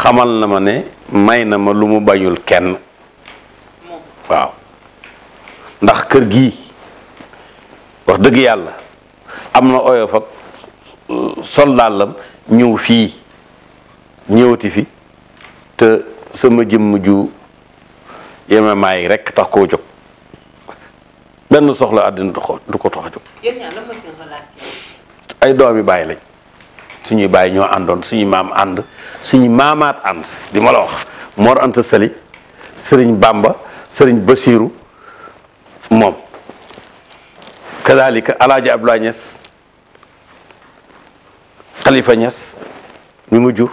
xamal na ma ne may na ma lu mu bañul kenn waaw ndax kër gii wax dëgg yàlla am na oyof ak soldaalam ñëw fii ñëwati fi te sama jëm ju yemamaay rekk tax koo jóg benn soxla àddina du ko tax a jóg. ay doom yi bàyyi lañ suñuy bàyyi ñoo àndoon suñuy maam ànd. suñu maamaat ànd limala ma la wax Mor Anta Sali sëriñ Bamba sëriñ Basiiru moom kadalika alaaji Abdoulaye Niass Khalifa Niass mi mu jur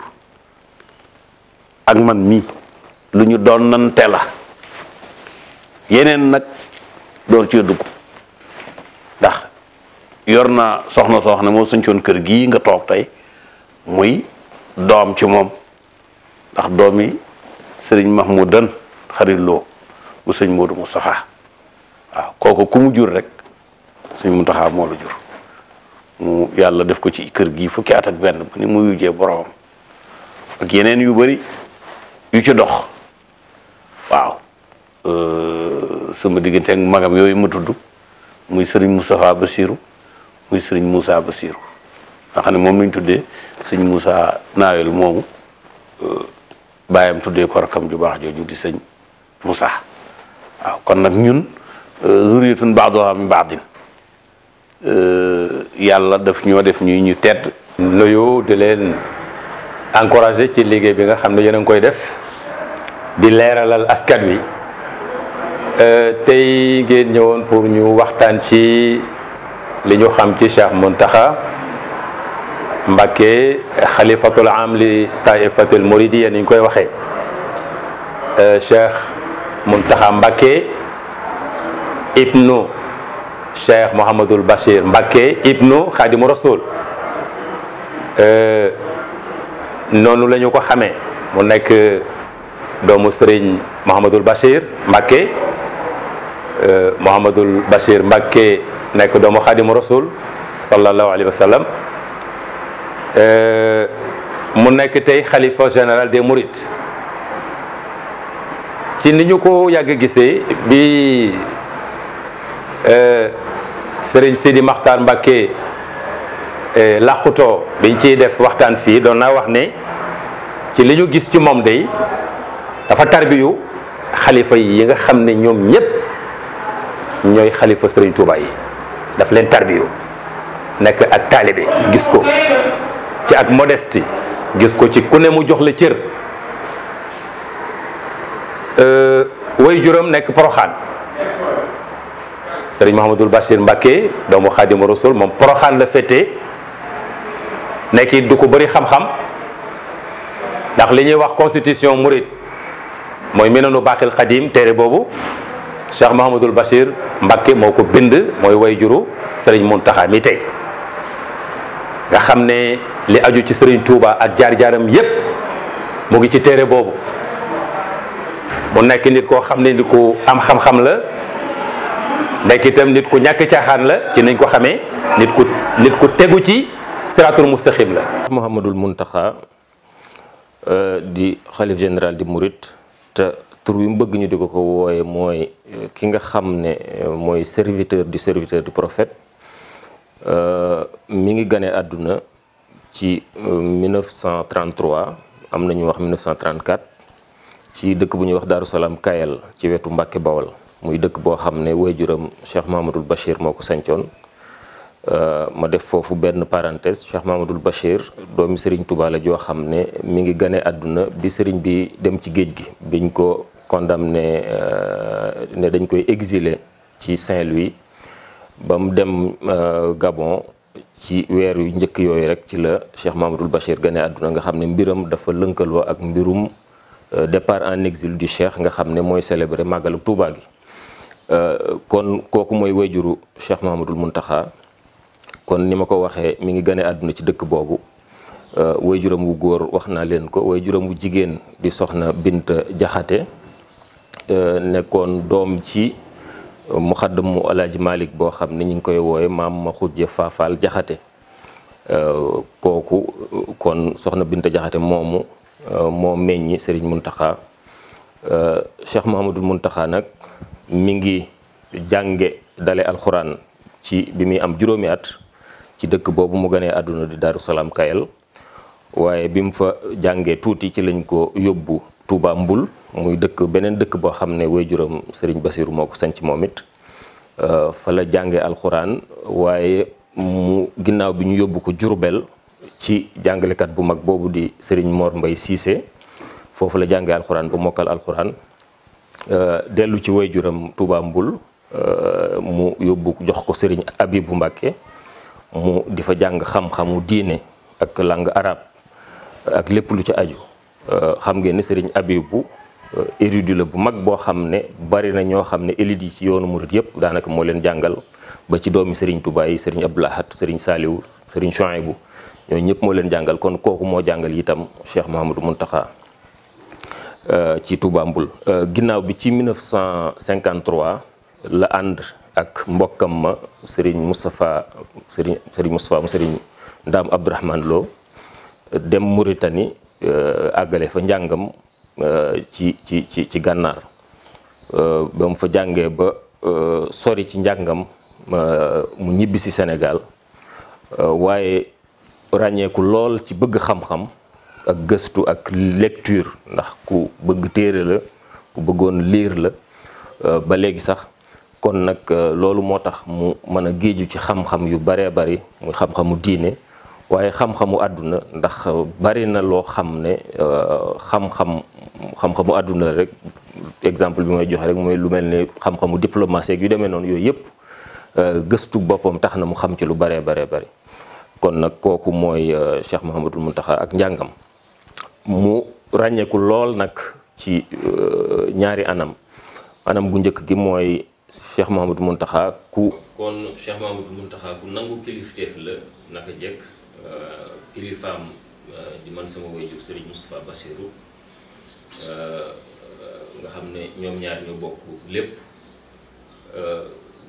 ak man mii lu ñu doon nante la yeneen nag door cee dugg ndax yor na soxna soo xam ne moo sëncoon kër gii nga toog tey muy doom ci moom ndax doom yi sëriñ max Mahmoudan xarit loo mu sëñ mu Moustapha waaw kooku ku mu jur rek sëñ Mountakha moo la jur mu yàlla def ko ci kër gi fukki at ak benn ba ni mu yujjee boromam ak yeneen yu bari yu ci dox waaw euh, sama diggante ak magam yooyu ma tudd muy sëriñ Moustapha Bassirou muy sëriñ Moussa Bassirou nga xam ne moom lañ tuddee sëñ Moussa naawel moomu euh, baayam tuddee ko rakam ju baax jooju di sëñ Moussa waaw kon nag ñun euh, zuriyatun baadoha baax baadin euh, yàlla daf ñoo def ñuy ñu tedd nuyu di leen encouragé ci liggéey bi nga xam ne yéen a koy def di leeralal askan wi tey ngeen ñëwoon pour ñu waxtaan ci li ñu xam ci Cheikh Mbàkke xalifatul am li taifatul muridiya ni ñu koy waxe euh, Cheikh Muntaxa Mbàkke ibnu Cheikh Mouhamadul Bachir Mbàkke ibnu Xaadimu Rasul euh, noonu lañu ko xamee mu nekk doomu Sëriñ Mouhamadul Bachir Mbàkke euh, Mouhamadul Bachir Mbàkke nekk doomu Xaadimu Rasul sallallahu alayhi wa Euh, mu nekk tey xalifa général des Mourides ci ni ñu ko yàgg gisee bi euh, sëriñ Sidi Maxtaar Mbàkke euh, làqutoo biñ ciy def waxtaan fii doon naa wax ne ci li ñu gis ci moom day dafa tarbiyu xalifa yi nga xam ne ñoom ñëpp ñooy xalifa sëriñ Touba yi daf leen tarbiyu nekk ak taalibe gis ko ci ak modestie gis ko ci ku ne mu jox la cër euh, way juróom nekk poroxaan sëriñ Mouhamadul Bachir Mbacke doomu Xaadimu Rasul moom poroxaan la féete nekk du ko bari xam-xam ndax li ñuy wax constitution mouride mooy Minanu Baaxil Xadim téere boobu Cheikh Mouhamadul Bachir Mbacke moo ko bind mooy way juru sëriñ Muntaxa mi tey nga xam ne li aju ci Serigne Touba ak jaar-jaaram yépp mu ngi ci téere boobu mu nekk nit koo xam ne nit ku am xam-xam la nekk itam nit ku ñàkk caaxaan la ci niñ ko xamee nit ku nit ku tegu ci siraatul mustaqim la Mouhamadul Mountakha euh, di xalif général di murit te tur wi mu bëgg ñu di ko ko wooye mooy euh, ki nga xam ne euh, mooy serviteur di serviteur du prophète mi ngi gane àdduna ci 1933 euh, am na ñu wax 1934 ci dëkk bu ñuy wax Daaru Salaam Kayal ci wetu Mbàkke Bawal muy dëkk boo xam ne waajuram Cheikh Mahamadul Bachir moo ko sancoon euh, ma def foofu benn parenthèse Cheikh Mahamadul Bachir doomi Serigne Touba joo xam ne mi ngi gane àdduna bi Serigne bi dem ci géej gi biñ ko condamné euh, ne dañ koy exiler ci Saint-Louis ba mu dem Gabon ci weer yu njëkk yooyu rek ci la Cheikh Mamadou Bachir gane àdduna nga xam ne mbiram dafa lënkaloo ak mbirum euh, départ en exil du Cheikh nga xam ne mooy célébré màggalu Touba gi euh, kon kooku mooy wayjuru Cheikh Mamadou Muntaxa kon ni ma ko waxee mi ngi gane àdduna ci dëkk boobu euh, wayjuram wu góor wax naa leen ko wayjuram wu jigéen di soxna bint Jaxate nekkoon doom ci mu alaaji Malick boo xam ne ñu ngi koy wooye maam ma xujje faafaal jaxate euh, kooku kon soxna Binta jaxate moomu euh, moo meññi Serigne Mountakha euh, Cheikh Mouhamadul Mountakha nag mi ngi jànge dale alxuraan ci bi muy am juróomi at ci dëkk boobu mu gënee àdduna di Daaru Salaam Kayal waaye bi mu fa jàngee tuuti ci lañ ko yóbbu Touba Mbul muy dëkk beneen dëkk boo xam ne waajuram Serigne Bassirou moo ko sanc moom it euh, fa la jànge alxuraan waaye mu ginnaaw bi ñu yóbbu ko Jurbel ci jàngalekat bu mag boobu di Serigne Mor mbay Cissé foofu la jànge alxuraan ba mokkal alxuraan euh, dellu ci waajuram Touba Mbul euh, mu yóbbu jox ko sëriñ Abibu Mbàkke mu di fa jàng xam-xamu diine ak langue arabe ak lépp lu ci aju xam ngeen ne Serigne Abibu Euh, érudit la bu mag boo xam ne bari na ñoo xam ne élite yi ci yoonu murit yëpp daanaka moo leen jàngal ba ci doomi Serigne Touba yi Serigne Abdou Lahad Serigne Saliou Serigne Chouaïbou ñooñu ñëpp moo leen jàngal kon kooku moo jàngal itam Cheikh Mouhamadou Mountakha euh, ci Touba Mbul euh, ginnaaw bi ci 1953 la ànd ak mbokkam ma sëriñ Moustapha Serigne Serigne Moustapha mu Serigne Ndaam Abdourahmane Lo dem Mauritanie àggale fa njàngam. Euh, ci ci ci ci gànnaar euh, ba mu fa jàngee ba euh, sori ci njàngam mu ñibbisi senegal waaye ràññeeku lool ci bëgg xam-xam ak gëstu ak lecture ndax ku bëgg téere la ku bëggoon liir la ba léegi sax kon nag loolu moo tax mu mën a géeju ci xam-xam yu baree bari muy xam-xamu diine waaye xam-xamu àdduna ndax bari na loo xam ne xam-xam xam-xamu àdduna rek exemple bi may joxe rek mooy lu mel ni xam-xamu diplomatie ak yu demee noonu yooyu yëpp euh, gëstu boppam tax na mu xam ci lu baree baree bari kon nag kooku mooy euh, Cheikh Mouhamadul Mountakha ak njàngam mu ràññeeku lool nag ci euh, ñaari anam anam gu njëkk gi mooy Cheikh Mouhamadul Mountakha ku. kon Cheikh Mouhamadul Mountakha ku nangu kilifteef la naka jekk kilifaam di man sama waajur Serigne Moustapha Bassirou. Euh, euh, nga xam ne ñoom ñaar ñu bokk lépp euh,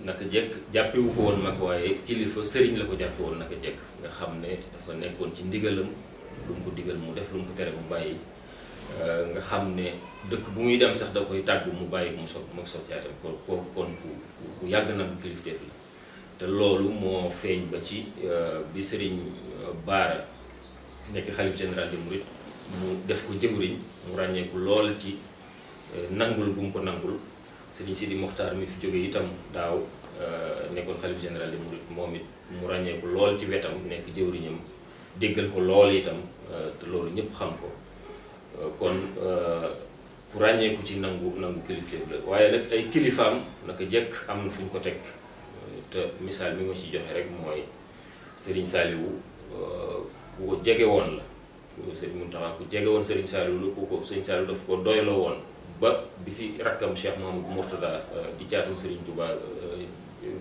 naka jekk jàppewu ko woon mag waaye kilifa sëriñ la ko jàppe woon naka jekk nga xam ne dafa nekkoon ci ndigalam lu mu ko digal mu def lu mu ko tere mu bàyyi nga xam ne dëkk bu muy dem sax da koy tàggu mu bàyyi mu so mu so caatam kon kon ku ku yàgg na kilifteef la te loolu moo feeñ ba ci bi sëriñ Baara nekk xalif général des mourides mu def ko jëwriñ mu ràññeeku lool ci euh, nangul bu mu ko nangul sëriñ Sidi Mokhtar mi fi jóge itam daaw euh, nekkoon xalif général di Mouride moom it mu ràññeeku lool ci wetam nekk jëwriñam déggal ko lool itam euh, te loolu ñëpp xam ko kon ku ràññeeku ci nangu nangu kilifteef la waaye nag ay kilifaam naka jekk am na fu ñu ko teg te misaal bi ma ci joxe rek mooy sëriñ Saliou ku jege woon la Serigne Mountakha ku jege woon Serigne Saliou lu ku ko Serigne Saliou daf ko doyloo woon ba bi fi rakkam Cheikh Mahamadou Mourtada euh, di caatam Serigne Touba euh,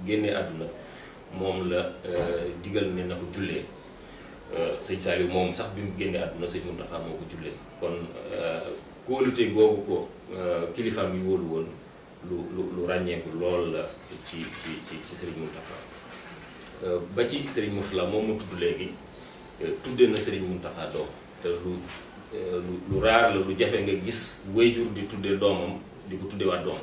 génnee àdduna moom la euh, digal ne na ko jullee sëñ Saliou moom sax bi mu génnee àdduna sëñ Mountakha moo ko jullee kon kóolute googu ko kilifaam yi wóolu woon lu lu ràññeeku lool la ci ci ci ci sëriñ Mountakha ba ci sëriñ Mourtala moom mu tudd léegi tudde na sëriñ Mountakha doom te lu lu raar la lu jafe nga gis wayjur di tuddee doomam di ko tuddeewaat doom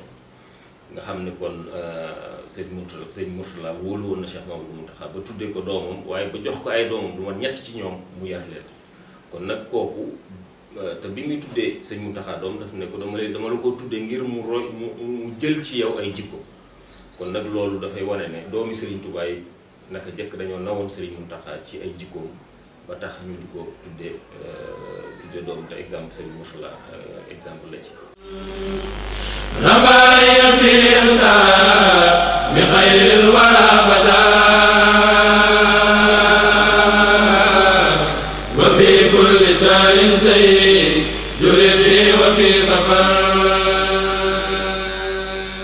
nga xam ne kon euh, sëñ Mourtala sëñ Mourtala wóolu woon na Cheikh Mamadou Mountakha ba tuddee ko doomam waaye ba jox ko ay doomam du ñett ci ñoom mu yar kon nag kooku euh, te bi muy tuddee sëñ Mountakha doom daf ne ko dama lay dama la ko tuddee ngir mu roy mu jël ci yow ay jikko kon nag loolu dafay wane ne doomi Serigne Touba yi naka jëkk dañoo nawoon Serigne Mountakha ci ay jikkoom. ba tax ñu di ko tuddee euh, tuddee doom te exemple Serigne Mourtala euh, exemple la ci